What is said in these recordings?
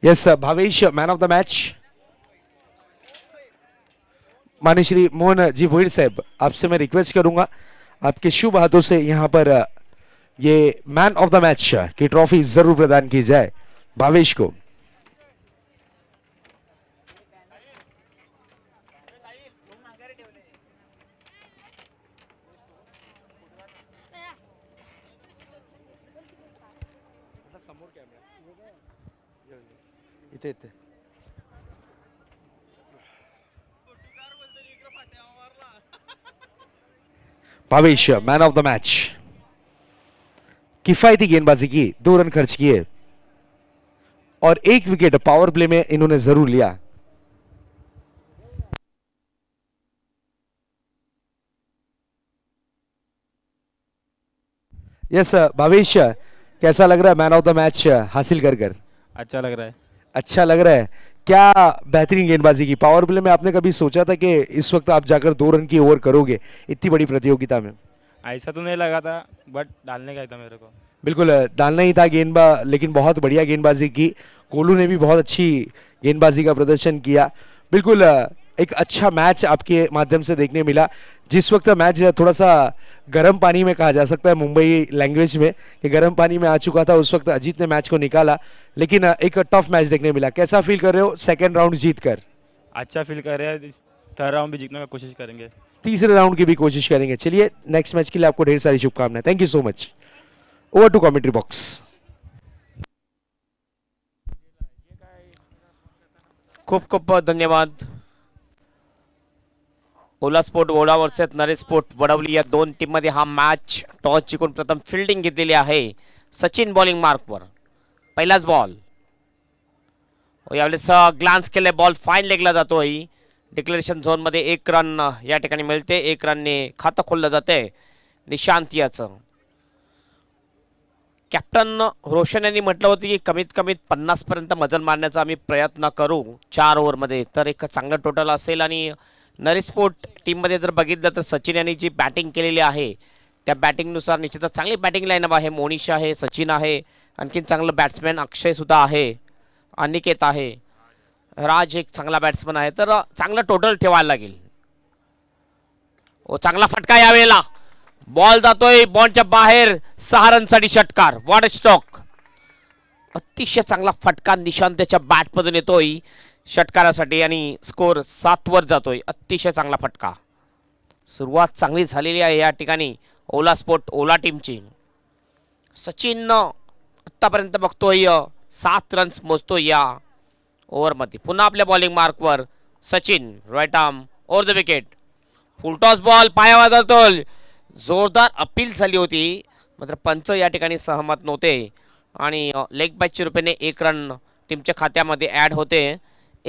Yes, sir. Bhavesh, man of the match. Shri Mohan ji Bhoir साहब आपसे मैं रिक्वेस्ट करूंगा आपके शुभ हाथों से यहाँ पर ये मैन ऑफ द मैच की ट्रॉफी जरूर प्रदान की जाए भावेश को इथे Bhavesh man of the match किफायती गेंदबाजी की दो रन खर्च किए और एक विकेट पावर प्ले में इन्होंने जरूर लिया यस भावेश कैसा लग रहा है मैन ऑफ द मैच हासिल कर कर अच्छा लग रहा है अच्छा लग रहा है क्या बेहतरीन गेंदबाजी की पावर प्ले में आपने कभी सोचा था कि इस वक्त आप जाकर दो रन की ओवर करोगे इतनी बड़ी प्रतियोगिता में ऐसा तो नहीं लगा था बट डालने का था मेरे को बिल्कुल डालना ही था गेंदबा लेकिन बहुत बढ़िया गेंदबाजी की कोलू ने भी बहुत अच्छी गेंदबाजी का प्रदर्शन किया बिल्कुल एक अच्छा मैच आपके माध्यम से देखने मिला जिस वक्त मैच थोड़ा सा गर्म पानी में कहा जा सकता है मुंबई लैंग्वेज में कि गर्म पानी में आ चुका था उस वक्त अजीत ने मैच को निकाला लेकिन एक टफ मैच देखने मिला कैसा फील कर रहे हो सेकेंड राउंड जीत कर अच्छा फील कर रहे हैं थर्ड राउंड भी जीतने का कोशिश करेंगे तीसरे राउंड की भी कोशिश करेंगे चलिए नेक्स्ट मैच के लिए आपको ढेर सारी शुभकामनाएं thank you so much over to commentary box खूब बहुत धन्यवाद ओला स्पोर्ट ओलावर नरेश स्पोर्ट वडवली या दोन टीममध्ये हा मॅच टॉस जिंकून प्रथम फिल्डिंग घेतलेली आहे सचिन बॉलिंग मार्कवर पहिलाच बॉल यावेळेस ग्लान्स केले बॉल फाईन लेगला जातोय डिक्लेरेशन झोनमध्ये एक रन या ठिकाणी मिळते एक रनने खातं खोललं जाते निशांत कॅप्टन रोशन यांनी म्हटलं होतं की कमीत कमी पन्नासपर्यंत मजल मारण्याचा आम्ही प्रयत्न करू चार ओव्हरमध्ये तर एक चांगलं टोटल असेल आणि नरिस्पोर्ट टीममध्ये जर बघितलं तर सचिन यांनी जी बॅटिंग केलेली आहे त्या बॅटिंगनुसार निश्चितच चांगली बॅटिंग लाईनअप आहे मोनिशा आहे सचिन आहे आणखीन चांगलं बॅट्समॅन सुद्धा आहे अनिकेत आहे राज एक चांगला बॅट्समन आहे तर चांगलं टोटल ठेवायला लागेल ओ चांगला फटका यावेळेला बॉल जातोय बॉलच्या बाहेर सहा साठी षटकार वॉट स्टॉक अतिशय चांगला फटका निशांतच्या बॅटमधून येतोय षटकारासाठी आणि स्कोअर सातवर जातोय अतिशय चांगला फटका सुरुवात चांगली झालेली आहे या ठिकाणी ओला स्पोर्ट ओला टीमची सचिननं आत्तापर्यंत बघतोय सात रन्स मोजतोय या ओव्हरमध्ये पुन्हा आपल्या बॉलिंग मार्कवर Sachin right arm over the wicket full toss ball पाया जातोय जोरदार अपील झाली होती मात्र पंच या ठिकाणी सहमत नव्हते आणि लेग बॅचच्या रुपयाने एक रन टीमच्या खात्यामध्ये ॲड होते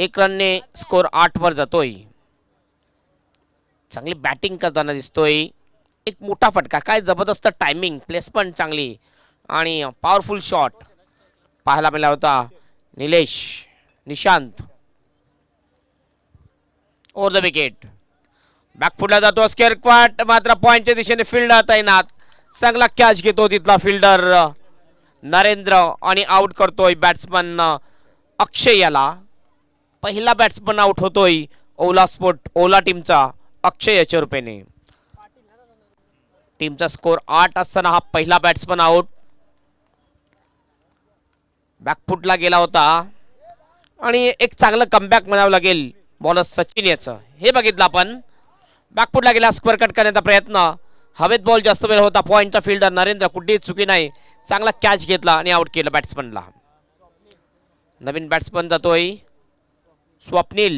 एक रनने स्कोर आठवर जातोय चांगली बॅटिंग करताना दिसतोय एक मोठा फटका काय जबरदस्त टायमिंग प्लेसमेंट चांगली आणि पॉवरफुल शॉट पाहायला मिळाला होता Nilesh Nishant over the wicket बॅकफुटला जातो स्केअर क्वाट मात्र पॉईंटच्या दिशेने फिल्डर तैनात चांगला कॅच घेतो तिथला फिल्डर नरेंद्र आणि आउट करतोय बॅट्समन अक्षय याला पहिला बॅट्समन आउट होतोय ओला स्पोर्ट ओला टीमचा अक्षय याच्या रुपेने टीमचा स्कोर आठ असताना हा पहिला बॅट्समन आउट बॅकफुटला गेला होता आणि एक चांगलं कमबॅक म्हणावं लागेल बॉलर सचिन याचं हे बघितलं आपण बॅकफुटला गेला स्क्वेअर कट करण्याचा प्रयत्न हवेत बॉल जास्त वेळ होता पॉईंटचा फिल्डर नरेंद्र कुठेही चुकी नाही चांगला कॅच घेतला आणि आउट केलं बॅट्समनला नवीन बॅट्समन जातोय स्वप्निल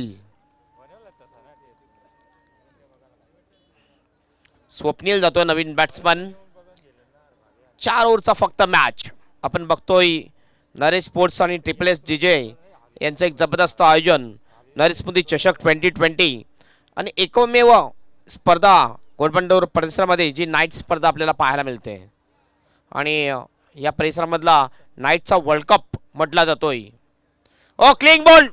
स्वप्निल जातो नवीन बॅट्समन चार ओव्हरचा फक्त मॅच आपण बघतोय नरेश स्पोर्ट्स आणि ट्रिपल एस जिजे यांचं एक जबरदस्त आयोजन नरेश मोदी चषक ट्वेंटी ट्वेंटी आणि एकमेव स्पर्धा घोडबंडोर परिसरामध्ये जी नाईट स्पर्धा आपल्याला पाहायला मिळते आणि या परिसरामधला नाईटचा वर्ल्ड कप म्हटला जातोय ओ क्लिंग बॉल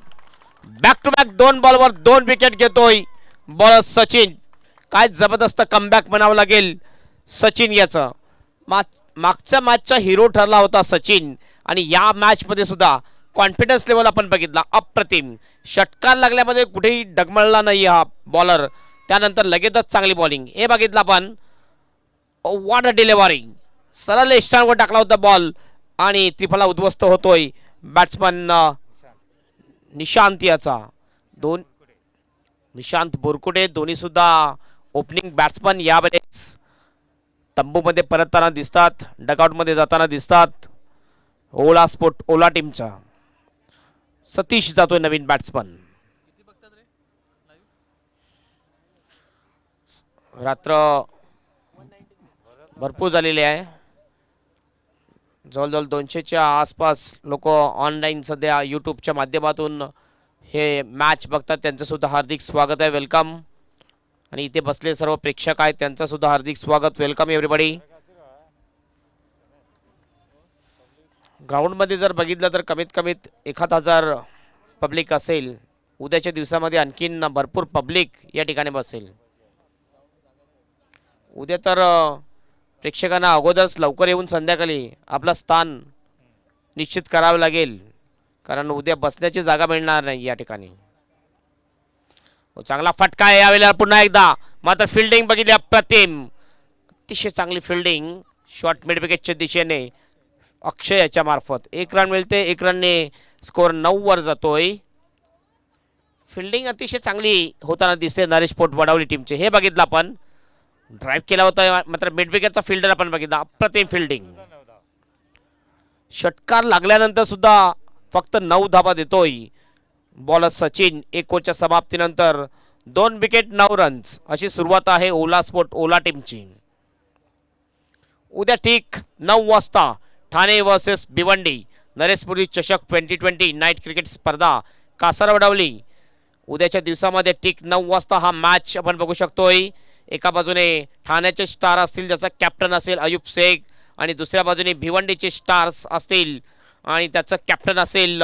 बॅक टू बॅक दोन बॉलवर दोन विकेट घेतोय बॉल सचिन काय जबरदस्त कमबॅक म्हणावं लागेल सचिन याचं मागच्या मागच्या मॅचचा हिरो ठरला होता सचिन आणि या मॅचमध्ये सुद्धा कॉन्फिडन्स लेवल आपण बघितला अप्रतिम षटकार लागल्यामध्ये कुठेही डगमळला नाही हा बॉलर त्यानंतर लगेचच चांगली बॉलिंग हे बघितलं आपण वॉट oh, अ सरळ स्टँडवर टाकला होता बॉल आणि त्रिफला उद्ध्वस्त होतोय बॅट्समन निशांत याचा दोन निशांत बोरकुटे दोन्ही सुद्धा ओपनिंग बॅट्समन यावेळेस तंबूमध्ये परतताना दिसतात डकआउटमध्ये जाताना दिसतात ओला स्पोर्ट ओला टीमचा सतीश जातोय नवीन बॅट्समन रात्र भरपूर झालेली आहे जवळजवळ दोनशेच्या आसपास लोक ऑनलाईन सध्या यूट्यूबच्या माध्यमातून हे मॅच बघतात त्यांचंसुद्धा हार्दिक स्वागत आहे वेलकम आणि इथे बसले सर्व प्रेक्षक आहेत सुद्धा हार्दिक स्वागत वेलकम एव्हरीबडी ग्राउंडमध्ये जर बघितलं तर कमीत कमीत एखाद हजार पब्लिक असेल उद्याच्या दिवसामध्ये आणखीन भरपूर पब्लिक या ठिकाणी बसेल उद्या तर प्रेक्षकांना अगोदरच लवकर येऊन संध्याकाळी आपलं स्थान निश्चित करावं लागेल कारण उद्या बसण्याची जागा मिळणार नाही या ठिकाणी हो, चांगला फटका आहे यावेळेला पुन्हा एकदा मात्र फिल्डिंग बघितली अप्रतिम अतिशय चांगली फिल्डिंग शॉर्ट मिड विकेटच्या दिशेने अक्षय याच्या मार्फत एक रन मिळते एक रनने स्कोअर नऊ वर जातोय फिल्डिंग अतिशय चांगली होताना दिसते नरेश पोट वडावली टीमचे हे बघितलं आपण ड्राइव केला होता मात्र बेटबेकरचा फिल्डर आपण बघितला अप्रतिम फिल्डिंग षटकार लागल्यानंतर सुद्धा फक्त नऊ धाबा देतोय बॉलर सचिन एकोच्या समाप्तीनंतर दोन विकेट नऊ रन्स अशी सुरुवात आहे ओला स्पोर्ट ओला टीमची उद्या ठीक नऊ वाजता ठाणे वर्सेस भिवंडी नरेशपुरी चषक ट्वेंटी ट्वेंटी नाईट क्रिकेट स्पर्धा कासारवडावली उद्याच्या दिवसामध्ये ठीक नऊ वाजता हा मॅच आपण बघू शकतोय एका बाजूने ठाण्याचे स्टार असतील ज्याचा कॅप्टन असेल अयुब शेख आणि दुसऱ्या बाजूने भिवंडीचे स्टार्स असतील आणि त्याचं कॅप्टन असेल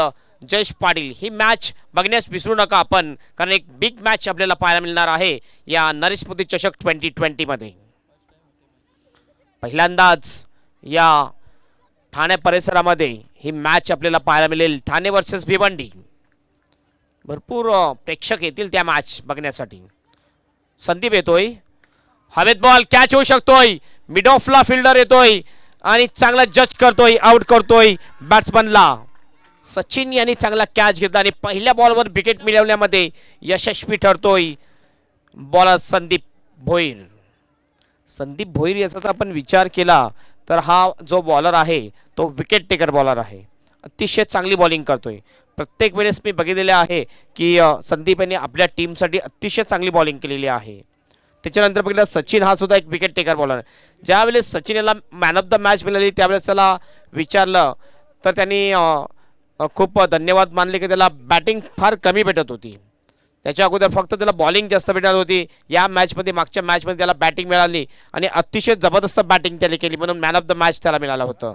जयेश पाटील ही मॅच बघण्यास विसरू नका आपण कारण एक बिग मॅच आपल्याला पाहायला मिळणार आहे या नरेश मोदी चषक ट्वेंटी ट्वेंटीमध्ये पहिल्यांदाच या ठाणे परिसरामध्ये ही मॅच आपल्याला पाहायला मिळेल ठाणे वर्सेस भिवंडी भरपूर प्रेक्षक येतील त्या मॅच बघण्यासाठी संदीप येतोय हवेत बॉल कॅच होऊ शकतोय मिड ऑफला फिल्डर येतोय आणि चांगला जज करतोय आउट करतोय बॅट्समनला सचिन यांनी चांगला कॅच घेतला आणि पहिल्या बॉलवर विकेट मिळवण्यामध्ये यशस्वी ठरतोय बॉलर संदीप भोईर संदीप भोईर याचा आपण विचार केला तर हा जो बॉलर आहे तो विकेट टेकर बॉलर आहे अतिशय चांगली बॉलिंग करतोय प्रत्येक वेळेस मी बघितलेले आहे की संदीप यांनी आपल्या टीमसाठी अतिशय चांगली बॉलिंग केलेली आहे त्याच्यानंतर बघितलं सचिन हा सुद्धा एक विकेट टेकर बॉलर आहे ज्यावेळेस सचिन याला मॅन ऑफ द मॅच मिळाली त्यावेळेस त्याला विचारलं तर त्यांनी खूप धन्यवाद मानले की त्याला बॅटिंग फार कमी भेटत होती त्याच्या अगोदर फक्त त्याला बॉलिंग जास्त भेटत होती या मॅचमध्ये मागच्या मॅचमध्ये त्याला बॅटिंग मिळाली आणि अतिशय जबरदस्त बॅटिंग त्याने केली म्हणून मॅन ऑफ द मॅच त्याला मिळालं होतं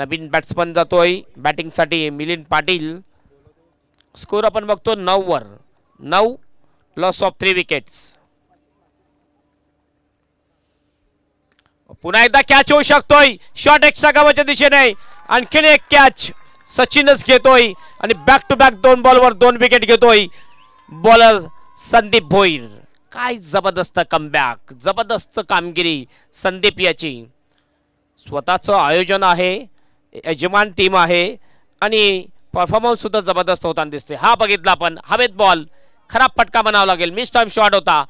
नवीन बॅट्समन जातोय बॅटिंगसाठी मिलिंद पाटील स्कोर आपण बघतो नऊवर नऊ लॉस ऑफ थ्री विकेट्स पुन्हा एकदा कॅच होऊ शकतोय शॉर्ट एक्स्ट्रा गावाच्या दिशेने आणखीन एक कॅच सचिनच घेतोय आणि बॅक टू बॅक दोन बॉलवर दोन विकेट घेतोय बॉलर संदीप भोईर काय जबरदस्त कमबॅक जबरदस्त कामगिरी संदीप याची स्वतःचं आयोजन आहे यजमान टीम आहे आणि परफॉर्मन्स सुद्धा जबरदस्त होताना दिसते हा बघितला आपण हवेत बॉल खराब फटका बनावा लागेल मिस टाइम शॉट होता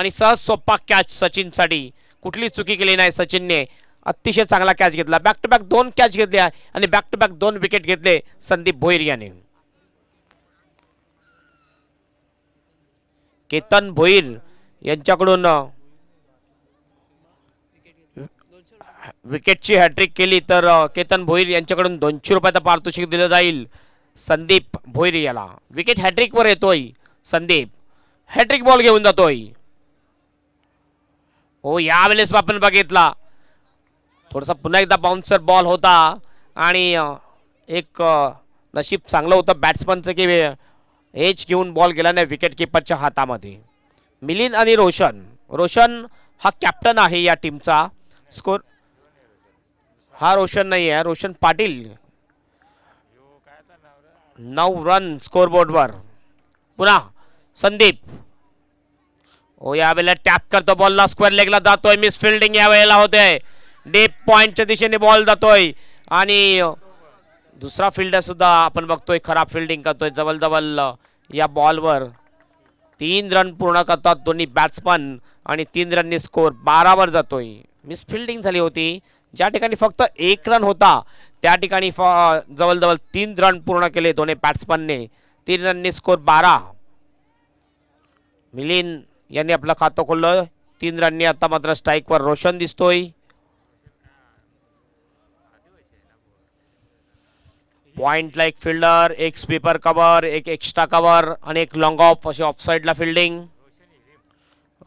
आणि सहज सोपा कॅच सचिनसाठी कुठली चुकी केली नाही सचिनने अतिशय चांगला कॅच घेतला बॅक टू बॅक दोन कॅच घेतले आणि बॅक टू बॅक दोन विकेट घेतले संदीप भोईर याने केतन भोईर यांच्याकडून विकेटची हॅट्रिक केली तर केतन भोईर यांच्याकडून दोनशे रुपयाचं पारितोषिक दिलं जाईल संदीप भोईर याला विकेट हॅट्रिकवर येतोय संदीप हॅट्रिक बॉल घेऊन जातोय हो यावेळेस आपण बघितला थोडासा पुन्हा एकदा बाउन्सर बॉल होता आणि एक नशीब चांगलं होतं बॅट्समनचं की एच घेऊन बॉल गेल्याने विकेट किपरच्या हातामध्ये मिलिंद आणि रोशन रोशन हा कॅप्टन आहे या टीमचा स्कोर हा रोशन नाही आहे रोशन पाटील नऊ रन स्कोरबोर्डवर पुन्हा संदीप ओ यावेळेला टॅप करतो बॉलला स्क्वेअर लेगला जातोय मिस फिल्डिंग या वेळेला होते डीप पॉइंटच्या दिशेने बॉल जातोय आणि दुसरा फिल्डर सुद्धा आपण बघतोय खराब फिल्डिंग करतोय जवळजवळ या बॉलवर तीन रन पूर्ण करतात दोन्ही बॅट्समन आणि तीन रननी स्कोर बारावर जातोय मिस फिल्डिंग झाली होती ज्या ठिकाणी फक्त एक रन होता त्या ठिकाणी जवळजवळ तीन रन पूर्ण केले दोन्ही बॅट्समनने तीन रननी स्कोर बारा मिलिन यांनी आपलं खातं खोललं तीन रननी आता मात्र स्ट्राईकवर रोशन दिसतोय पॉइंट लाईक फिल्डर एक स्पीपर कव्हर एक एक्स्ट्रा कवर आणि एक लॉंग ऑफ अशी ऑफ साईडला फिल्डिंग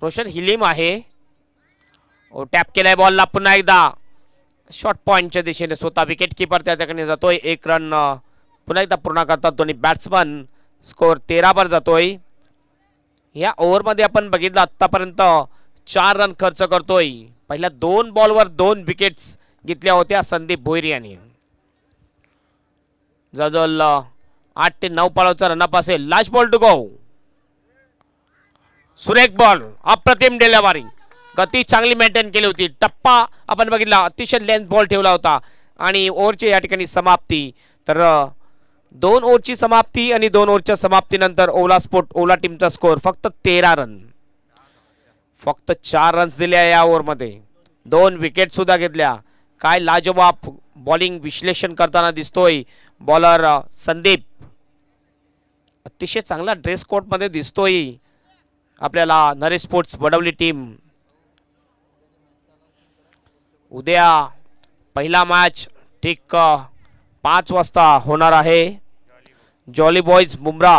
रोशन हिलिम आहे टॅप केलाय बॉलला पुन्हा एकदा शॉर्ट पॉइंटच्या दिशेने स्वतः विकेट किपर त्या ठिकाणी जातोय एक रन पुन्हा एकदा पूर्ण करतात दोन्ही बॅट्समन स्कोअर तेरावर जातोय या ओव्हरमध्ये आपण बघितलं आत्तापर्यंत चार रन खर्च करतोय पहिल्या दोन बॉलवर दोन विकेट्स घेतल्या होत्या संदीप भोईर यांनी जवळजवळ आठ ते नऊ पालावचा रनअप असेल लास्ट बॉल टू गो सुरेख बॉल अप्रतिम डेलावारी गती चांगली मेंटेन केली होती टप्पा आपण बघितला अतिशय लेंथ बॉल ठेवला होता आणि ओव्हरची या ठिकाणी समाप्ती तर दोन ओव्हरची समाप्ती आणि दोन ओव्हरच्या समाप्तीनंतर ओला स्पोर्ट ओला टीमचा स्कोअर फक्त तेरा रन फक्त चार रन्स दिल्या या ओव्हरमध्ये दोन विकेट सुद्धा घेतल्या काय लाजोबाप बॉलिंग विश्लेषण करताना दिसतोय बॉलर संदीप अतिशय चांगला ड्रेस कोडमध्ये दिसतोय आपल्याला नरेश स्पोर्ट्स बडवली टीम उद्या पहिला मॅच ठीक पाच वाजता होणार आहे jolly boys Bumrah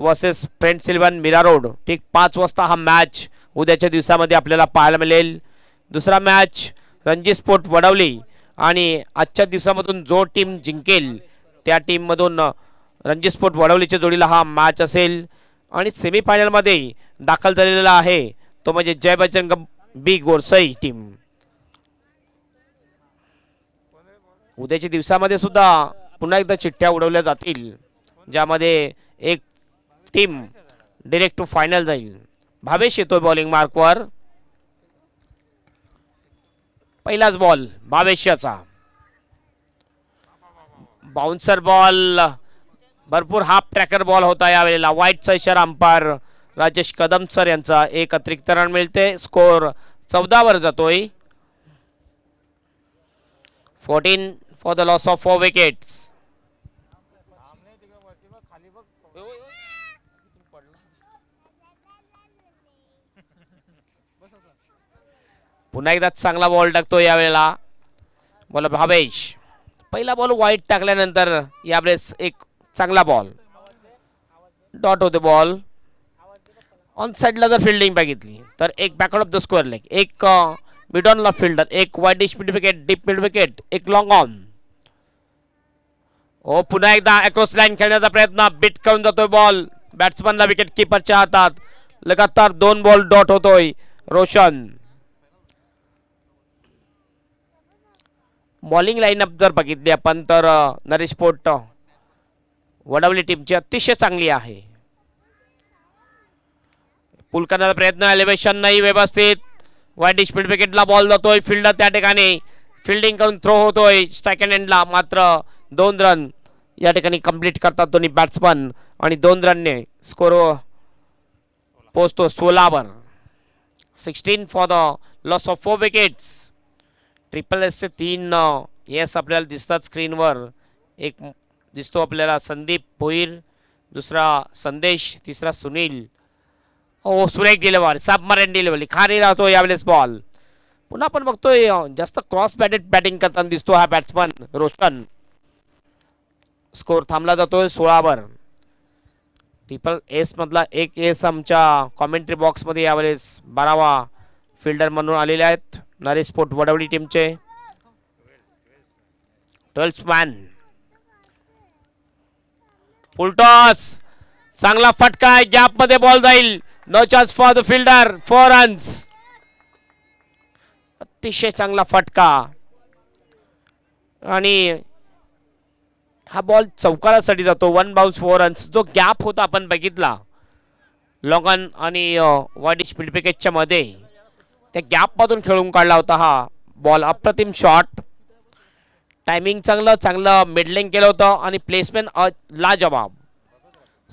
versus friend सिल्वन Mira road ठीक पाच वाजता हा मॅच उद्याच्या दिवसामध्ये आपल्याला पाहायला मिळेल दुसरा मॅच रणजी स्पोर्ट वडवली आणि आजच्या दिवसामधून जो टीम जिंकेल त्या टीममधून रणजी स्पोर्ट वडवलीच्या जोडीला हा मॅच असेल आणि सेमीफायनलमध्ये दाखल झालेला आहे तो म्हणजे जय बजरंग बी गोरसई टीम उद्याच्या दिवसामध्ये सुद्धा पुन्हा एकदा चिठ्ठ्या उडवल्या जातील ज्यामध्ये एक टीम डिरेक्ट टू फायनल जाईल भावेश येतोय बॉलिंग मार्कवर पहिलाच बॉल भावेशचा बाउन्सर बॉल भरपूर हाफ ट्रॅकर बॉल होता यावेळेला व्हाईटचा इशारा अंपायर राजेश कदम सर यांचा एक अतिरिक्त रन मिळते स्कोर चौदावर जातोय fourteen for the loss of four wickets पुन्हा एकदा चांगला बॉल टाकतो यावेळेला बोला भावेश पहिला बॉल वाईट टाकल्यानंतर यावेळेस एक चांगला बॉल डॉट होते बॉल ऑन साइडला जर फिल्डिंग बघितली तर एक backward of the square leg एक मिड लॉफ फिल्डर एक wide mid wicket deep mid wicket एक लॉंग ऑन हो पुन्हा एकदा अक्रॉस लाईन खेळण्याचा प्रयत्न बिट करून जातोय बॉल बॅट्समनला विकेट किपरच्या हातात लगातार दोन बॉल डॉट होतोय रोशन बॉलिंग लाईनअप जर बघितली आपण तर नरेश पोट वडवली टीमची अतिशय चांगली आहे पुल करण्याचा प्रयत्न एलिवेशन नाही व्यवस्थित वाईट स्पीड विकेटला बॉल जातोय फिल्डर त्या ठिकाणी फिल्डिंग करून थ्रो होतोय सेकंड हँडला मात्र दोन रन या ठिकाणी कंप्लीट करतात दोन्ही बॅट्समन आणि दोन रनने स्कोर पोचतो सोलावर sixteen for the loss of four wickets triple एसचे तीन नाव आपल्याला दिसतात स्क्रीनवर एक दिसतो आपल्याला संदीप भोईर दुसरा संदेश तिसरा सुनील हो सुरेख डिलेवर सबमरीन डिलेवरी खाली राहतो यावेळेस बॉल पुन्हा आपण बघतोय जास्त क्रॉस बॅटेड बॅटिंग करताना दिसतो हा बॅट्समन रोशन स्कोर थांबला जातोय सोळावर ट्रिपल एस मधला एक एस आमच्या कॉमेंट्री बॉक्समध्ये यावेळेस बारावा फिल्डर म्हणून आलेले आहेत नारे स्पोर्ट वडवडी टीमचे ट्वेल्समॅन फुलटॉस चांगला फटका गॅप मध्ये बॉल जाईल no chance for the fielder four runs अतिशय चांगला फटका आणि हा बॉल चौकारासाठी जातो वन बाउन्स फोर रन्स जो गॅप होता आपण बघितला लॉगन आणि वाईट स्पीड पिकेटच्या मध्ये त्या गॅपमधून खेळून काढला होता हा बॉल अप्रतिम शॉट टायमिंग चांगलं चांगलं मिडलिंग केलं होतं आणि प्लेसमेंट लाजवाब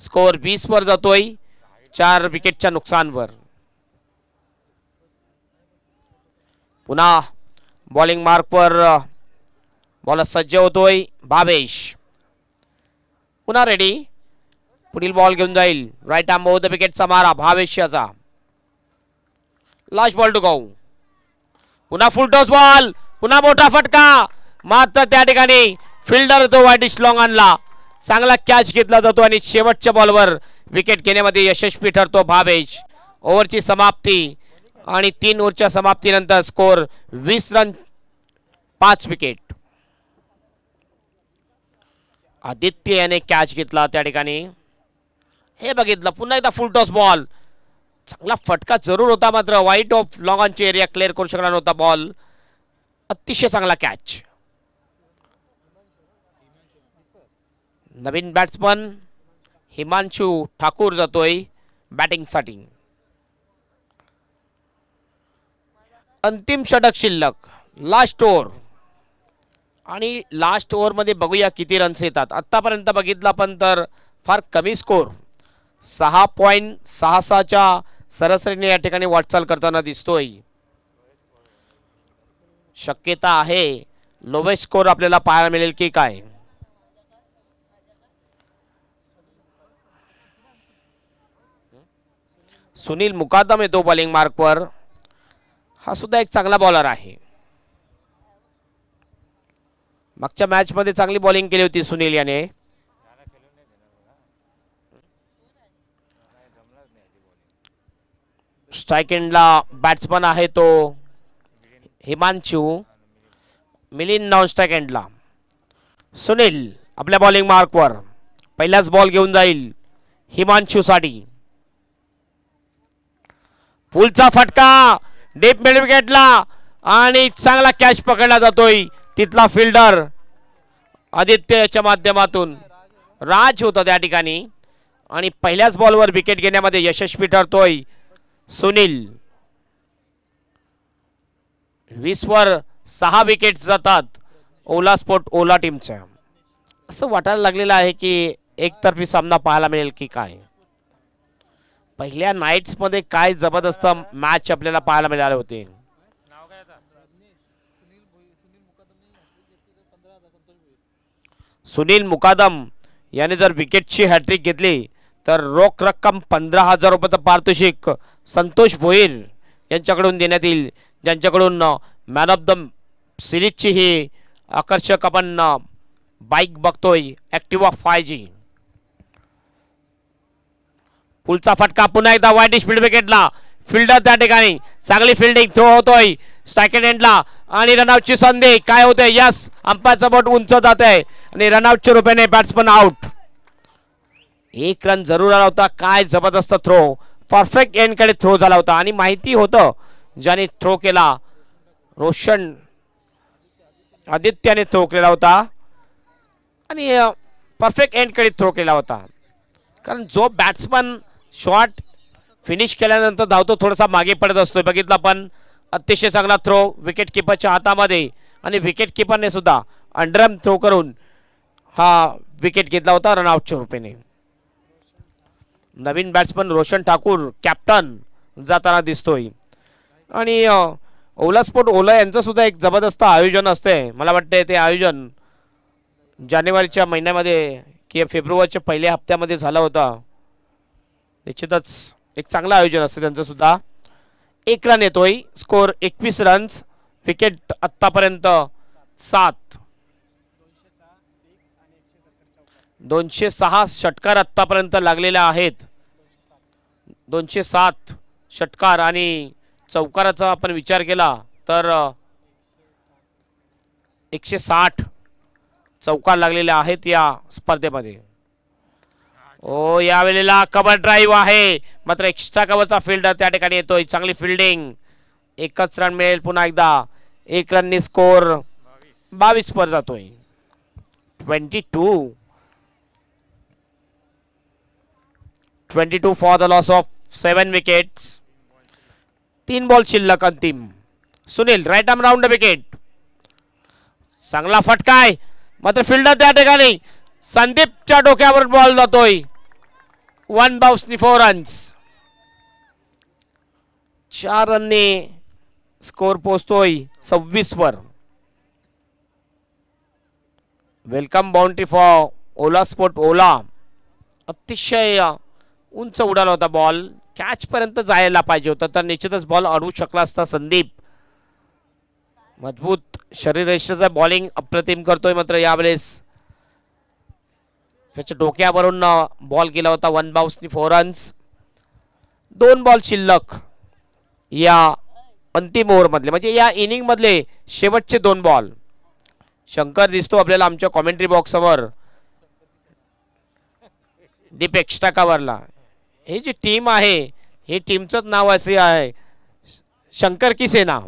स्कोअर वीसवर जातोय चार विकेटच्या नुकसानवर पुन्हा बॉलिंग मार्कवर बॉल सज्ज होतोय भावेश पुन्हा रेडी पुढील बॉल घेऊन जाईल राईट आर्म बौद्ध विकेटचा मारा भावेश याचा लास्ट बॉल टू गाऊ पुन्हा फुलटॉस बॉल पुन्हा मोठा फटका मात्र त्या ठिकाणी फिल्डर तो वाटिश लॉंग आणला चांगला कॅच घेतला जातो आणि शेवटच्या बॉलवर विकेट घेण्यामध्ये यशस्वी ठरतो भावेश ओव्हरची समाप्ती आणि तीन ओव्हरच्या समाप्तीनंतर स्कोर वीस रन पाच विकेट आदित्य याने कॅच घेतला त्या ठिकाणी हे बघितलं पुन्हा एकदा फुल टॉस बॉल चांगला फटका जरूर होता मात्र वाईट ऑफ लॉंगांची एरिया क्लिअर करू शकणार नव्हता बॉल अतिशय चांगला कॅच नवीन बॅट्समन हिमांशु ठाकूर जातोय बॅटिंगसाठी अंतिम षटक शिल्लक लास्ट ओव्हर आणि लास्ट ओव्हरमध्ये बघूया किती रन्स येतात आत्तापर्यंत बघितलं पण तर फार कमी स्कोर सहा पॉईंट सहा सहाच्या सरसरीने या ठिकाणी वाटचाल करताना दिसतोय शक्यता आहे लोवेस्ट स्कोर आपल्याला पाहायला मिळेल की काय सुनील मुकादम येतो बॉलिंग मार्कवर हा सुद्धा एक चांगला बॉलर आहे मागच्या मॅचमध्ये चांगली बॉलिंग केली होती सुनील याने एंडला बॅट्समन आहे तो हिमांशू मिलिन नॉन स्ट्राइक एंडला सुनील आपल्या बॉलिंग मार्कवर पहिलाच बॉल घेऊन जाईल हिमांशूसाठी पुलचा फटका डेप मिड आणि चांगला कॅच पकडला जातोय तिथला फिल्डर आदित्यच्या माध्यमातून राज होता त्या ठिकाणी आणि पहिल्याच बॉलवर विकेट घेण्यामध्ये यशस्वी ठरतोय सुनील वीसवर सहा विकेट्स जातात ओला स्पोर्ट ओला टीमच्या असं वाटायला लागलेलं आहे की एकतर्फी सामना पाहायला मिळेल की काय पहिल्या मध्ये काय जबरदस्त मॅच आपल्याला पाहायला मिळाले होते सुनील मुकादम यांनी जर विकेटची हॅट्रिक घेतली तर रोख रक्कम पंधरा हजार रुपयाचं पारितोषिक संतोष भोईर यांच्याकडून देण्यात येईल ज्यांच्याकडून मॅन ऑफ द सिरीजची ही आकर्षक आपण बाईक बघतोय ॲक्टिवा फाय जी पुलचा फटका पुन्हा एकदा वाईट स्पीड विकेटला फिल्डर त्या ठिकाणी चांगली फिल्डिंग थ्रो होतोय स्टॅकेट एंडला आणि रनआउटची संधी काय होते यस अंपायरचा बोट उंच जात आहे आणि रनआउटच्या रुपयाने बॅट्समन आउट एक रन जरूर आला होता काय जबरदस्त थ्रो परफेक्ट एंडकडे थ्रो झाला होता आणि माहिती होतं ज्याने थ्रो केला रोशन आदित्याने थ्रो केला होता आणि परफेक्ट एंडकडे थ्रो केला होता कारण जो बॅट्समन शॉट फिनिश केल्यानंतर धावतो थोडासा मागे पडत असतो बघितला पण अतिशय चांगला थ्रो विकेट हातामध्ये आणि विकेट किपरने सुद्धा अंडरम थ्रो करून हा विकेट घेतला होता रनआउटच्या रूपेने नवीन बॅट्समन रोशन ठाकूर कॅप्टन जाताना दिसतोय आणि ओला स्पोर्ट ओला यांचं सुद्धा एक जबरदस्त आयोजन असतंय मला वाटतंय ते आयोजन जानेवारीच्या महिन्यामध्ये किंवा फेब्रुवारीच्या पहिल्या हप्त्यामध्ये झालं होता निश्चितच एक चांगलं आयोजन असतं त्यांचं सुद्धा एक रन येतोय स्कोर एकवीस रन्स विकेट आत्तापर्यंत सात दोनशे सहा षटकार आत्तापर्यंत लागलेल्या आहेत दोनशे सात षटकार आणि चौकाराचा आपण विचार केला तर एकशे साठ चौकार लागलेल्या आहेत या स्पर्धेमध्ये ओ यावेळेला कबर ड्राईव्ह आहे मात्र एक्स्ट्रा कवरचा फिल्डर त्या ठिकाणी येतोय चांगली फिल्डिंग एकच रन मिळेल पुन्हा एकदा एक रननी स्कोर बावीस वर जातोय twenty two twenty two for the loss of seven wicket तीन बॉल शिल्लक अंतिम Sunil right arm round wicket चांगला फटका आहे मात्र फिल्डर त्या ठिकाणी संदीपच्या डोक्यावर बॉल जातोय वन बाउसनी फोर रन्स चार रनने स्कोर पोचतोय सव्वीस वर वेलकम बाउंड्री फॉर ओला स्पोर्ट ओला अतिशय उंच उडाला होता बॉल कॅचपर्यंत जायला पाहिजे होतं तर निश्चितच बॉल अडवू शकला असता संदीप मजबूत शरीरयष्टीचा बॉलिंग अप्रतिम करतोय मात्र यावेळेस त्याच्या डोक्यावरून बॉल गेला होता वन बाउन्सनी फोर रन्स दोन बॉल शिल्लक या अंतिम मधले म्हणजे या इनिंग मधले शेवटचे दोन बॉल शंकर दिसतो आपल्याला आमच्या कॉमेंट्री बॉक्सवर डीप एक्स्ट्रा कवरला ही जी टीम आहे ही टीमच नाव असे आहे शंकर की सेना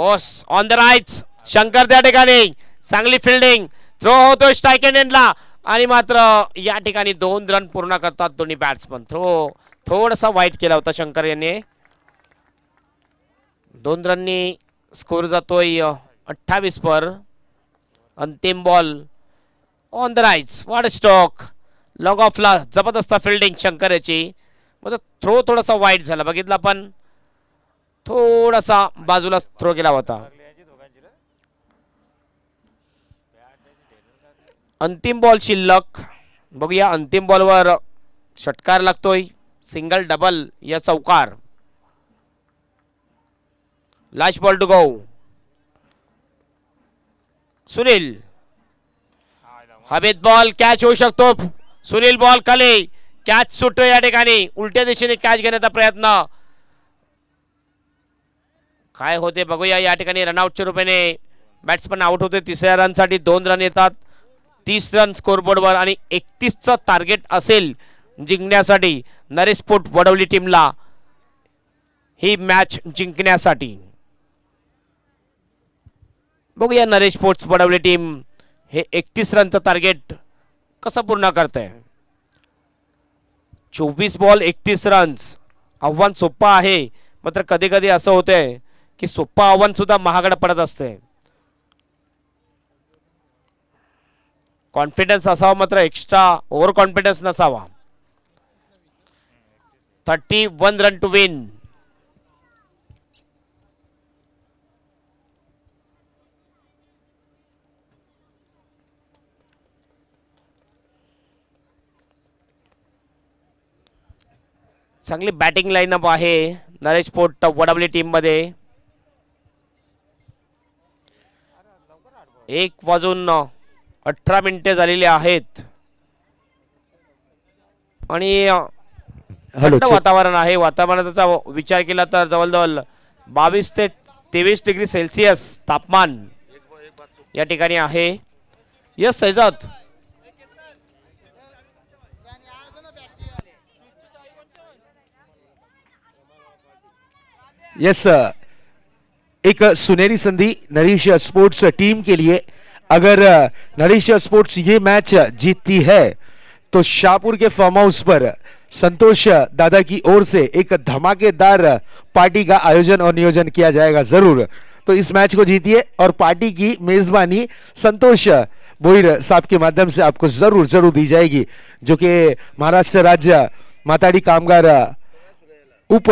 ओस ऑन द राईट शंकर त्या ठिकाणी चांगली फिल्डिंग थ्रो होतो स्ट्राईक एंडला आणि मात्र या ठिकाणी दोन रन पूर्ण करतात दोन्ही बॅट्समन थ्रो थोडासा वाईट केला होता शंकर यांनी दोन रननी स्कोर जातोय अठ्ठावीस पर अंतिम ball on the rise what stroke long ऑफला जबरदस्त फिल्डिंग शंकर याची मग थ्रो थोडासा वाईट झाला बघितला पण थोडासा बाजूला थ्रो केला होता अंतिम बॉल शिल्लक बघूया अंतिम बॉलवर षटकार लागतोय सिंगल डबल या चौकार last ball to go Sunil हवेत बॉल कॅच होऊ शकतो सुनील बॉल खाली कॅच सुटतो या ठिकाणी उलट्या दिशेने कॅच घेण्याचा प्रयत्न काय होते बघूया या ठिकाणी रनआउटच्या रुपयाने बॅट्समन आउट होते तिसऱ्या रनसाठी दोन रन येतात तीस रन स्कोरबोर्डवर आणि एकतीसचं टार्गेट असेल जिंकण्यासाठी नरेश पोट वडवली टीमला ही मॅच जिंकण्यासाठी बघूया नरेश स्पोर्ट्स बडवली टीम हे एकतीस रनचं टार्गेट कसं पूर्ण करते चोवीस बॉल एकतीस रन्स आव्हान सोप्पा आहे मात्र कधी कधी असं होतंय की सोप्पा आव्हान सुद्धा महागडं पडत असते कॉन्फिडन्स असावा मात्र एक्स्ट्रा ओव्हर कॉन्फिडन्स नसावा thirty one run to win चांगली बॅटिंग लाईनअप आहे नरेश पोट टीम मध्ये एक वाजून अठरा मिनिटे झालेली आहेत आणि थंड वातावरण आहे वातावरणाचा विचार केला तर जवळजवळ बावीस ते तेवीस डिग्री सेल्सिअस तापमान या ठिकाणी आहे यस सैजात यस एक सुनहरी संधि नरेश स्पोर्ट्स टीम के लिए अगर नरेश स्पोर्ट्स ये मैच जीतती है तो शाहपुर के फार्म हाउस पर संतोष दादा की ओर से एक धमाकेदार पार्टी का आयोजन और नियोजन किया जाएगा जरूर तो इस मैच को जीतिए और पार्टी की मेजबानी संतोष बोईर साहब के माध्यम से आपको जरूर जरूर दी जाएगी जो कि महाराष्ट्र राज्य माताड़ी कामगार उप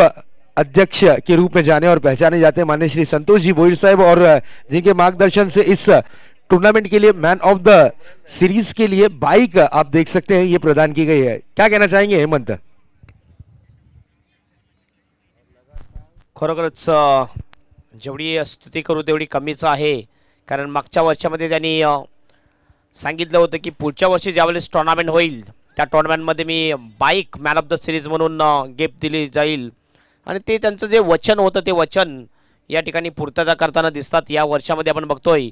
अध्यक्ष के रूप में जाने और पहचाने जाते हैं मान्य श्री संतोष जी बोईर साहब और जिनके मार्गदर्शन से इस टूर्नामेंट के लिए मैन ऑफ द सीरीज के लिए बाइक आप देख सकते हैं ये प्रदान की गई है क्या कहना चाहेंगे हेमंत खरोखरच जेवढी स्तुती करू तेवढी कमीच आहे कारण मागच्या वर्षामध्ये त्यांनी सांगितलं होतं की पुढच्या वर्षी ज्यावेळेस टूर्नामेंट होईल त्या मध्ये मी bike man of the series म्हणून गिफ्ट दिली जाईल आणि ते त्यांचं जे वचन होतं ते वचन या ठिकाणी पूर्तता करताना दिसतात या वर्षामध्ये आपण बघतोय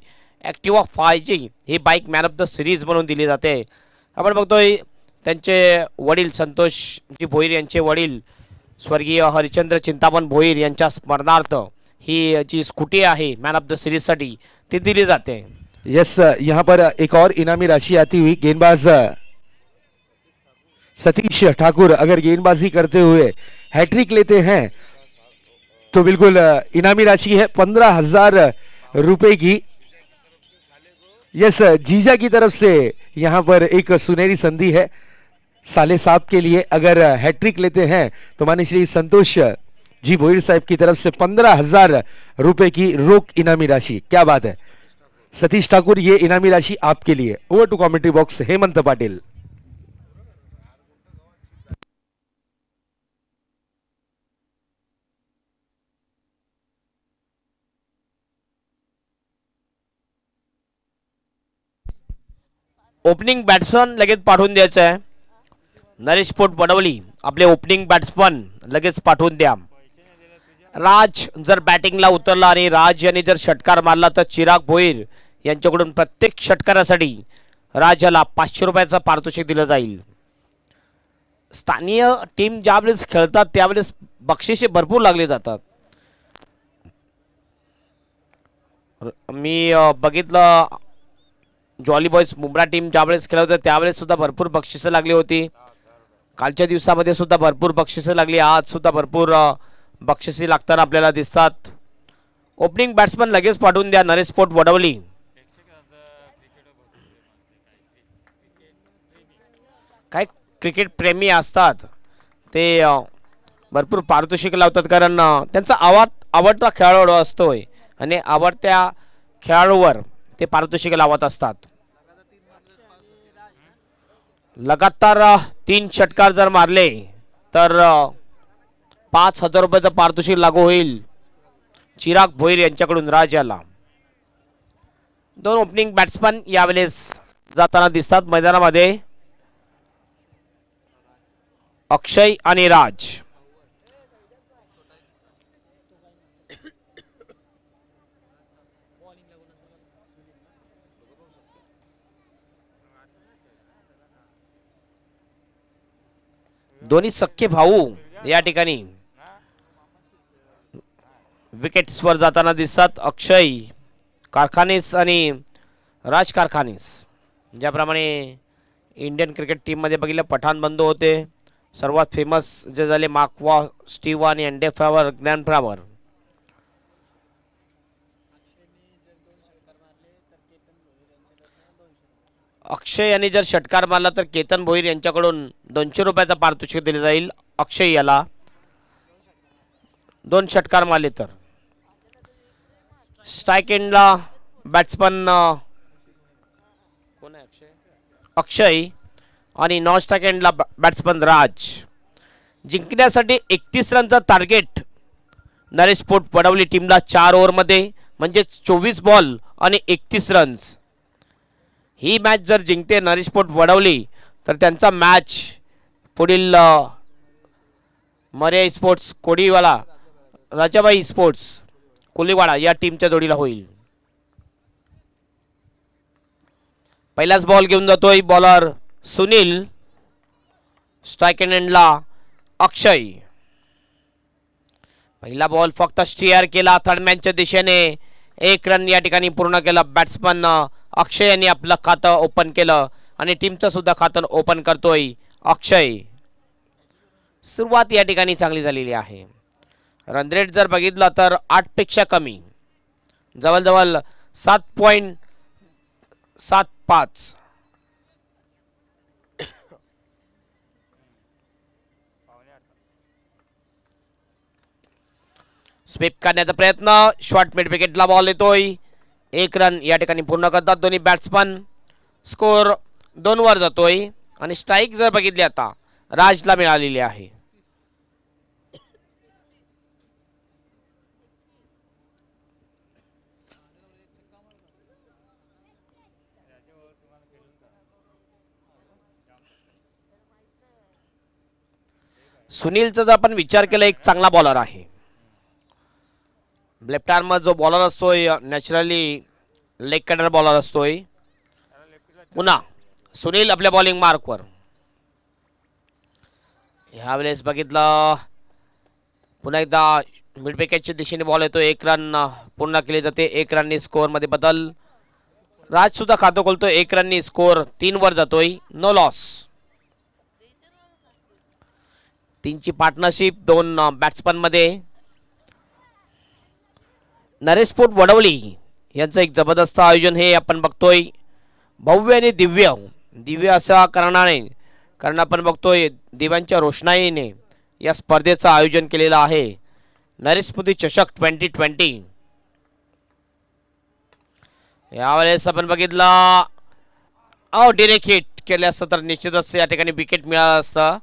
ॲक्टिवा फाय जी ही bike man of the series म्हणून दिली जाते आपण बघतोय त्यांचे वडील संतोषजी भोईर यांचे वडील स्वर्गीय हरिचंद्र चिंतामण भोईर यांच्या स्मरणार्थ ही जी स्कूटी आहे मॅन ऑफ द सिरीजसाठी साठी ती दिली जाते यस यहां पर एक और इनामी राशि आती हुई गेंदबाज सतीश ठाकुर अगर गेंदबाजी करते हुए हैट्रिक लेते हैं तो बिल्कुल इनामी राशि है पंद्रह हजार रुपए की यस जीजा की तरफ से यहां पर एक सुनहरी संधि है साले साहब के लिए अगर हैट्रिक लेते हैं तो मानी श्री संतोष जी भोईर साहब की तरफ से पंद्रह हजार रुपए की रोक इनामी राशि क्या बात है सतीश ठाकुर ये इनामी राशि आपके लिए over to commentary box Hemant Patil opening batsman लगेच पाठवून द्यायचं आहे नरेश पोट बनवली आपले ओपनिंग बॅट्समन लगेच पाठवून द्या राज जर बॅटिंगला उतरला आणि राज यांनी जर षटकार मारला तर चिराग भोईर यांच्याकडून प्रत्येक षटकारासाठी राज पाचशे रुपयाचं पारितोषिक दिलं जाईल स्थानीय टीम ज्यावेळेस खेळतात त्यावेळेस बक्षिसे भरपूर लागले जातात मी बघितलं जॉली बॉईज मुंब्रा टीम ज्यावेळेस खेळत होतं त्यावेळेस सुद्धा भरपूर बक्षिसं लागली होती कालच्या दिवसामध्ये सुद्धा भरपूर बक्षिसं लागली आज सुद्धा भरपूर बक्षिसी लागताना आपल्याला दिसतात ओपनिंग बॅट्समन लगेच पाठवून द्या नरेश पोट वडवली काय क्रिकेट प्रेमी असतात ते भरपूर पारितोषिक लावतात कारण त्यांचा आवाज आवडता खेळाडू असतोय आणि आवडत्या खेळाडूवर ते पारितोषिक लावत असतात लगातार तीन षटकार जर मारले तर पाच हजार रुपयाचं पारितोषिक लागू होईल चिराग भोईर यांच्याकडून राज याला दोन ओपनिंग बॅट्समन यावेळेस जाताना दिसतात मैदानामध्ये अक्षय आणि राज दोन्ही सख्खे भाऊ या ठिकाणी विकेट्सवर जाताना दिसतात अक्षय कारखानेस आणि राज कारखानेस ज्याप्रमाणे इंडियन क्रिकेट टीममध्ये बघितलं पठाण बंधू होते सर्वात फेमस जे झाले माकवा स्टीव आणि फ्लावर ग्रँड फ्रावर अक्षय यांनी जर षटकार मारला तर केतन भोईर यांच्याकडून दोनशे रुपयाचा पारितोषिक दिले जाईल अक्षय याला दोन षटकार मारले तर स्ट्राईक एंडला बॅट्समन कोण आहे अक्षय अक्षय आणि नॉन स्ट्राईक एंडला बॅट्समन राज जिंकण्यासाठी एकतीस रनचा टार्गेट नरेश पोट पडवली टीमला चार ओव्हरमध्ये म्हणजे चोवीस बॉल आणि एकतीस रन्स ही मॅच जर जिंकते नरिस्पोर्ट वडवली तर त्यांचा मॅच पुढील मर्या स्पोर्ट्स कोडीवाला राजाबाई स्पोर्ट्स कोलीवाडा या टीमच्या जोडीला होईल पहिलाच बॉल घेऊन जातोय बॉलर सुनील स्ट्राईक एंडला अक्षय पहिला बॉल फक्त स्टीअर केला मॅनच्या दिशेने एक रन या ठिकाणी पूर्ण केला बॅट्समन अक्षय यांनी आपलं खातं ओपन केलं आणि टीमचं सुद्धा खातं ओपन करतोय अक्षय सुरुवात या ठिकाणी चांगली झालेली आहे रनरेट जर बघितलं तर आठपेक्षा कमी जवळजवळ सात पॉईंट सात पाच स्वीप करण्याचा प्रयत्न शॉर्ट मिड विकेटला बॉल येतोय एक रन या ठिकाणी पूर्ण करतात दोन्ही बॅट्समन स्कोअर दोनवर जातोय आणि स्ट्राईक जर बघितली आता राजला मिळालेली आहे सुनीलचा जर आपण विचार केला एक चांगला बॉलर आहे लेफ्ट आर्म जो बॉलर असतोय नॅचरली लेग कॅनर बॉलर असतोय पुन्हा सुनील आपल्या बॉलिंग मार्कवर वेळेस बघितलं पुन्हा एकदा मिड मिडविकेटच्या दिशेने बॉल येतो एक रन पूर्ण केले जाते एक रननी मध्ये बदल राज सुद्धा खातो खोलतो एक रननी स्कोअर तीन वर जातोय नो लॉस तीनची पार्टनरशिप दोन बॅट्समन मध्ये नरेशपोट वडवली यांचं एक जबरदस्त आयोजन हे आपण बघतोय भव्य आणि दिव्य दिव्य असा कारणाने कारण आपण बघतोय दिव्यांच्या रोषणाईने या स्पर्धेचं आयोजन केलेलं आहे नरेशपुती चषक ट्वेंटी ट्वेंटी यावेळेस आपण बघितलं अहो डिरेक्ट हिट केलं असतं तर निश्चितच या ठिकाणी विकेट मिळालं असतं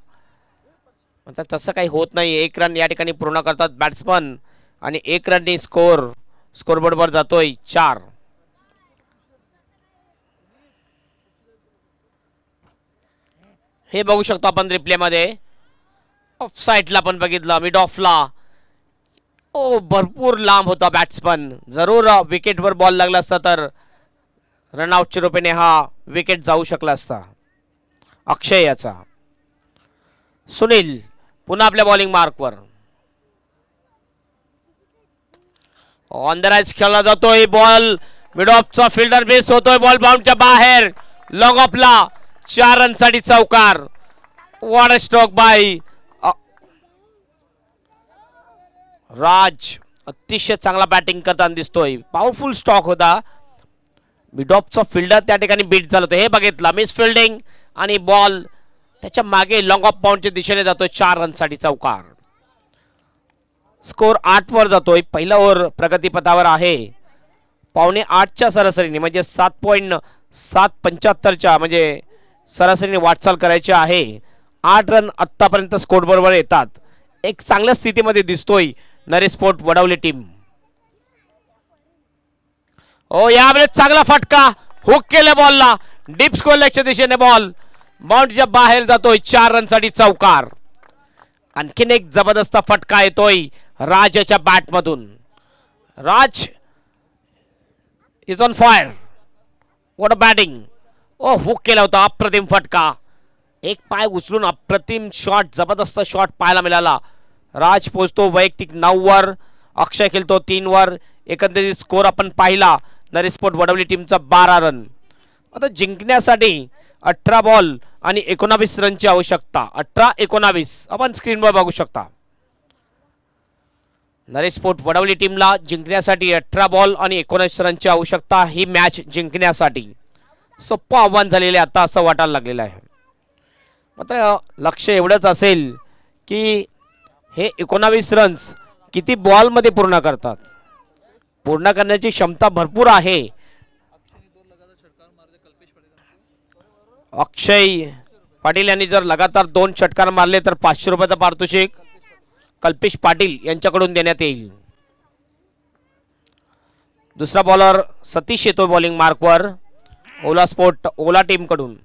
आता तसं काही होत नाही एक रन या ठिकाणी पूर्ण करतात बॅट्समन आणि एक रननी स्कोर वर जातोय चार हे बघू शकतो आपण मध्ये ऑफ साईडला पण बघितलं मिड ऑफला ओ भरपूर लांब होता बॅट्समन जरूर विकेटवर बॉल लागला असता तर रनआउटच्या रूपेने हा विकेट जाऊ शकला असता अक्षय याचा सुनील पुन्हा आपल्या बॉलिंग मार्कवर ऑन द राईज खेळला जातोय बॉल मिड ऑफचा फिल्डर मिस होतोय बॉल बाउंडच्या बाहेर लॉन्ग ऑफला चार रनसाठी चौकार वॉड स्टॉक बाय राज अतिशय चांगला बॅटिंग करताना दिसतोय पॉवरफुल स्टॉक होता मिड ऑफचा फिल्डर त्या ठिकाणी बीट झालं होतं हे बघितलं मिस फिल्डिंग आणि बॉल त्याच्या मागे लॉंग ऑफ बाउंडच्या दिशेने जातोय चार रनसाठी चौकार स्कोर वर जातोय पहिला ओव्हर प्रगतीपथावर आहे पावणे आठच्या सरासरीने म्हणजे सात पॉईंट सात पंच्याहत्तरच्या म्हणजे सरासरीने वाटचाल करायची आहे आठ रन आत्तापर्यंत स्कोर बरोबर येतात एक चांगल्या स्थितीमध्ये दिसतोय नरेश स्पोर्ट वडवली टीम ओ हो, यावेळेस चांगला फटका हुक केल्या बॉलला डीप लेगच्या दिशेने बॉल बाउंड्रीच्या बाहेर जातोय चार रनसाठी चौकार आणखीन एक जबरदस्त फटका येतोय राजच्या बॅटमधून Raj is on fire what a batting oh hook केला होता अप्रतिम फटका एक पाय उचलून अप्रतिम शॉट जबरदस्त शॉट पाहायला मिळाला राज पोचतो वैयक्तिक नऊवर अक्षय खेळतो तीनवर एकंदरीत स्कोर आपण पाहिला स्पोर्ट वडवली टीमचा बारा रन आता जिंकण्यासाठी अठरा बॉल आणि एकोणावीस रनची आवश्यकता अठरा एकोणावीस आपण स्क्रीनवर बघू शकता नरेश स्पोर्ट वडवली टीमला जिंकण्यासाठी अठरा बॉल आणि एकोणीस रनची आवश्यकता ही मॅच जिंकण्यासाठी सोप्पं आव्हान झालेले आता असं वाटायला लागलेलं आहे मात्र लक्ष एवढंच असेल की हे एकोणावीस रन्स किती बॉलमध्ये पूर्ण करतात पूर्ण करण्याची क्षमता भरपूर आहे अक्षय पाटील यांनी जर लगातार दोन षटकार मारले तर पाचशे रुपयाचा पारितोषिक कल्पेश पाटील यांच्याकडून देण्यात येईल दुसरा बॉलर सतीश येतो बॉलिंग मार्कवर ओला स्पोर्ट ओला टीमकडून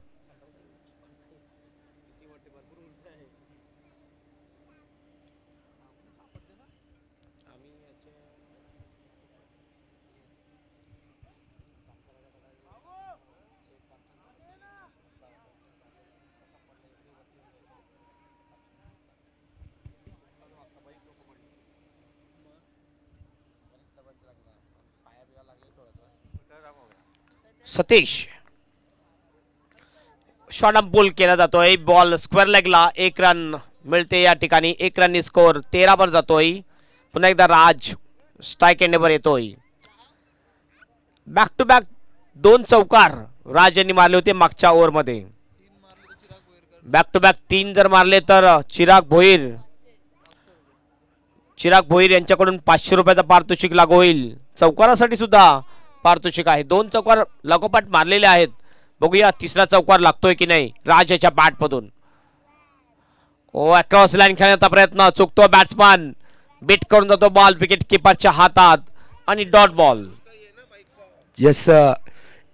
सतीश शॉर्ट अप बोल केला जातोय बॉल स्क्वेअर लेगला एक रन मिळते या ठिकाणी एक रननी स्कोर तेरावर जातोय पुन्हा एकदा राज स्ट्राईक एंडवर येतोय बॅक टू बॅक दोन चौकार राज यांनी मारले होते मागच्या ओव्हरमध्ये बॅक टू बॅक तीन जर मारले तर चिराग भोईर चिराग भोईर यांच्याकडून पाचशे रुपयाचा पारितोषिक लागू होईल चौकारासाठी सुद्धा पारितोषिक आहे दोन चौकार लगोपाट मारलेले आहेत बघूया तिसरा चौकार लागतोय की नाही राज याच्या बॅटमधून ओ अक्रॉस लाईन खेळण्याचा प्रयत्न चुकतो बॅट्समॅन बीट करून जातो बॉल विकेट किपरच्या हातात आणि डॉट बॉल यस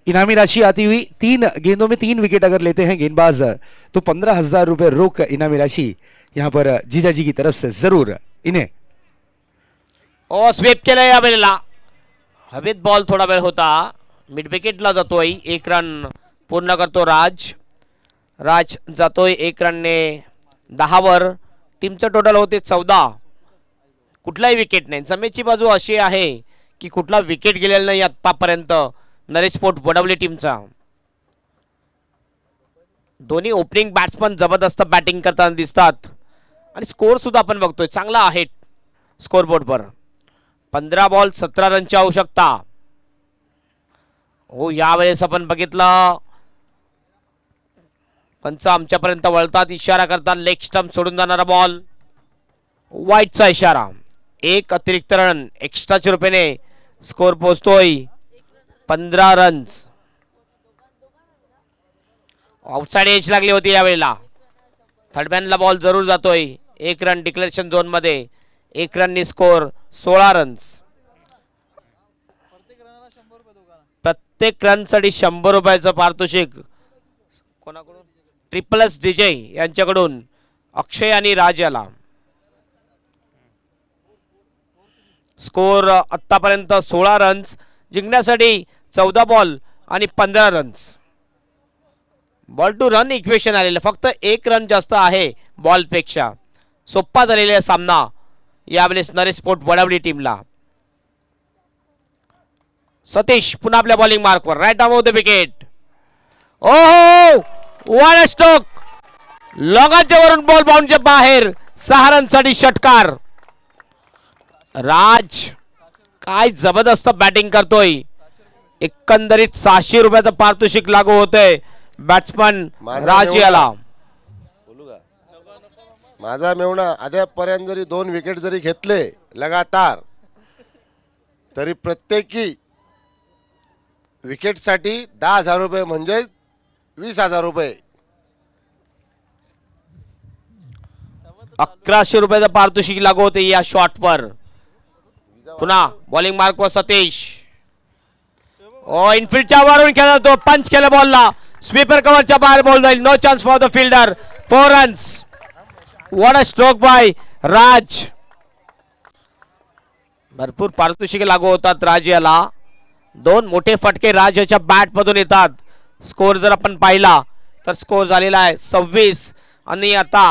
इनामी राशि आती हुई तीन गेंदों में तीन विकेट अगर लेते हैं गेंदबाज तो पंद्रह हजार रुपए रोक इनामी राशि यहाँ पर जीजाजी की तरफ से जरूर इन्हें ओ स्वीप के लिए मिलना हवेत बॉल थोडा वेळ होता मिड विकेटला जातोय एक रन पूर्ण करतो राज राज जातोय एक रनने दहावर टीमचं टोटल होते चौदा कुठलाही विकेट नाही जमेची बाजू अशी आहे की कुठला विकेट गेलेला नाही आत्तापर्यंत नरेश पोट बडवली टीमचा दोन्ही ओपनिंग बॅट्समन जबरदस्त बॅटिंग करताना दिसतात आणि स्कोर सुद्धा आपण बघतोय चांगला आहे बोर्डवर पंधरा बॉल सतरा रनची आवश्यकता हो यावेळेस आपण बघितलं पंच आमच्यापर्यंत वळतात इशारा करतात लेग स्टम्प सोडून जाणारा बॉल वाईटचा इशारा एक अतिरिक्त रन एक्स्ट्राच्या रुपयाने स्कोर पोहोचतोय पंधरा रन्स आउटसाईड एज लागली होती यावेळेला थर्डमॅनला बॉल जरूर जातोय एक रन डिक्लेरेशन झोनमध्ये एक रननी स्कोर सोळा रन्स प्रत्येक रनसाठी शंभर रुपयाचं पारितोषिक कोणाकडून एस विजय यांच्याकडून अक्षय आणि राज याला स्कोर आतापर्यंत सोळा रन्स जिंकण्यासाठी चौदा बॉल आणि पंधरा runs ball to run equation आलेलं फक्त एक रन जास्त आहे बॉलपेक्षा सोप्पा झालेला सामना यावेळेस नरेश स्पोर्ट बडावली टीमला सतीश पुन्हा आपल्या बॉलिंग मार्कवर right off the wicket oh one stroke लगाच्या वरून बॉल बाउंडच्या बाहेर सहारांसाठी षटकार राज काय जबरदस्त बॅटिंग करतोय एकंदरीत सहाशे रुपयाचं पारितोषिक लागू होतंय बॅट्समन राज याला माझा मेवणा अद्यापपर्यंत जरी दोन विकेट जरी घेतले लगातार तरी प्रत्येकी विकेटसाठी दहा हजार रुपये म्हणजे वीस हजार रुपये अकराशे रुपयाचं पारितोषिक लागू होते या शॉटवर पुन्हा बॉलिंग मार्क वर सतीश ओ इनफिल्डच्या वरून खेळला तो पंच केला बॉलला स्वीपर कव्हरच्या बाहेर बॉल जाईल no chance for the fielder four runs what a stroke by Raj भरपूर पारितोषिके लागू होतात राज याला दोन मोठे फटके राज याच्या बॅटमधून येतात स्कोर जर आपण पाहिला तर स्कोर झालेला आहे सव्वीस आणि आता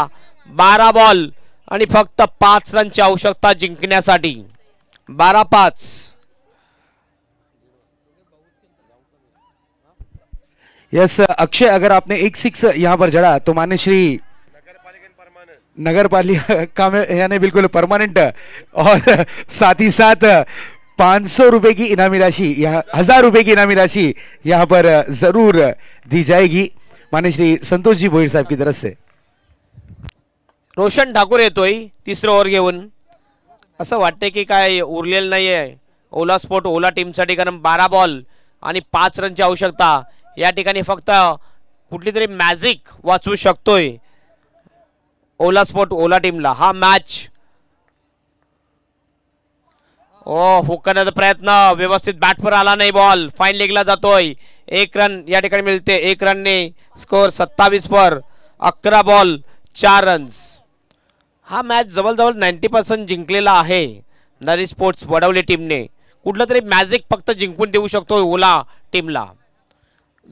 बारा बॉल आणि फक्त पाच रनची आवश्यकता जिंकण्यासाठी बारा पाच यस अक्षय अगर आपने एक सिक्स यहां पर जड़ा तो मान्य श्री नगरपालिका पालिका में यानी बिल्कुल परमानेंट और साथ ही साथ पाच सौ रुपये की इनामी राशि यहाँ हज़ार रुपये की इनामी राशि यहाँ पर ज़रूर दी जाएगी माने श्री संतोष जी भोईर साहब की तरफ से रोशन ठाकूर येतोय तिसरं ओव्हर घेऊन असं वाटतंय की काय उरलेलं नाही आहे ओला स्पोर्ट ओला टीमसाठी कारण बारा बॉल आणि पाच रनची आवश्यकता या ठिकाणी फक्त कुठली तरी मॅजिक वाचवू शकतोय ओला स्पोर्ट ओला टीमला हा मॅच ओ हुक प्रयत्न व्यवस्थित बॅटवर आला नाही बॉल फाईन लेगला जातोय एक रन या ठिकाणी मिळते एक रनने स्कोअर सत्तावीस वर अकरा बॉल चार रन्स हा मॅच जवळजवळ नाईन्टी पर्सेंट जिंकलेला आहे नरी स्पोर्ट्स वडवली टीमने कुठलं तरी मॅजिक फक्त जिंकून देऊ शकतो ओला टीमला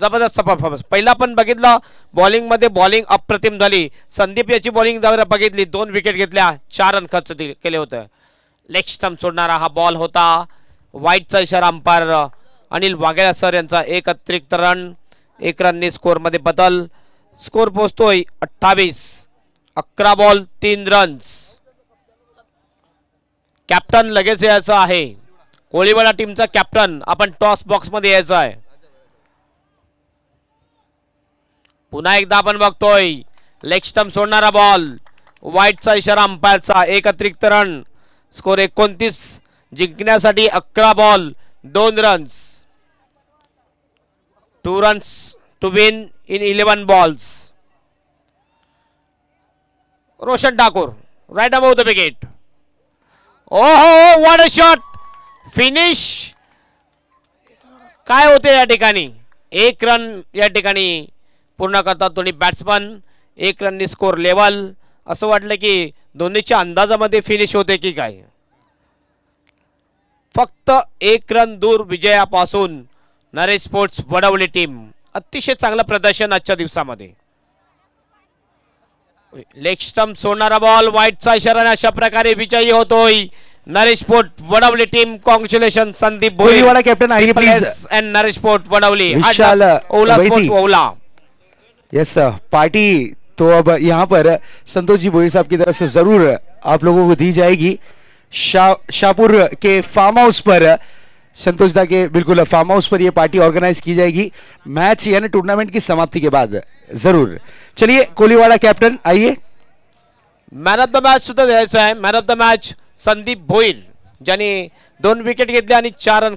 जबरदस्त परफॉर्मन्स पहिला पण बघितला बॉलिंगमध्ये बॉलिंग अप्रतिम झाली संदीप याची बॉलिंग जवळ बघितली दोन विकेट घेतल्या चार रन खर्च केले होते लेग स्टम्प सोडणारा हा बॉल होता वाईटचा इशारा अंपायर अनिल वाघेळा सर यांचा एक अतिरिक्त रन एक रनने मध्ये बदल स्कोर पोहोचतोय अठ्ठावीस अकरा बॉल तीन रन्स कॅप्टन लगेच यायचं आहे कोळीवाडा टीमचा कॅप्टन आपण टॉस बॉक्समध्ये यायचा आहे पुन्हा एकदा आपण बघतोय लेग स्टम्प सोडणारा बॉल वाईटचा इशारा अंपायरचा एक अतिरिक्त रन स्कोर एकोणतीस जिंकण्यासाठी अकरा बॉल दोन runs two runs to win in eleven balls Roshan Thakur right about the wicket oh ho what a shot finish काय होते या ठिकाणी एक रन या ठिकाणी पूर्ण करतात दोन्ही बॅट्समन एक रननी स्कोर लेवल असं वाटलं की दोन्हीच्या अंदाजामध्ये फिनिश होते की काय फक्त एक रन दूर विजयापासून नरेश स्पोर्ट्स वडवली टीम अतिशय चांगलं प्रदर्शन आजच्या दिवसामध्ये लेग स्टम्प सोडणारा बॉल वाईटचा इशारा अशा प्रकारे विजयी होतोय Naresh port Vadavali team congratulation Sandeep Bhoiwada captain and Naresh port Vadavali ओला स्पोर्ट ओला यस पार्टी तो अब यहाँ पर संतोष जी बोई साहब की तरफ से जरूर आप लोगों को दी जाएगी शा, शाहपुर के फार्म हाउस पर संतोष दा के बिल्कुल फार्म हाउस पर यह पार्टी ऑर्गेनाइज की जाएगी मैच यानी टूर्नामेंट की समाप्ति के बाद जरूर चलिए कोलीवाड़ा कैप्टन आइए मैन ऑफ द मैच सुधा द्यायचा आहे of the match Sandeep Bhoir यानी दोन विकेट घर चार रन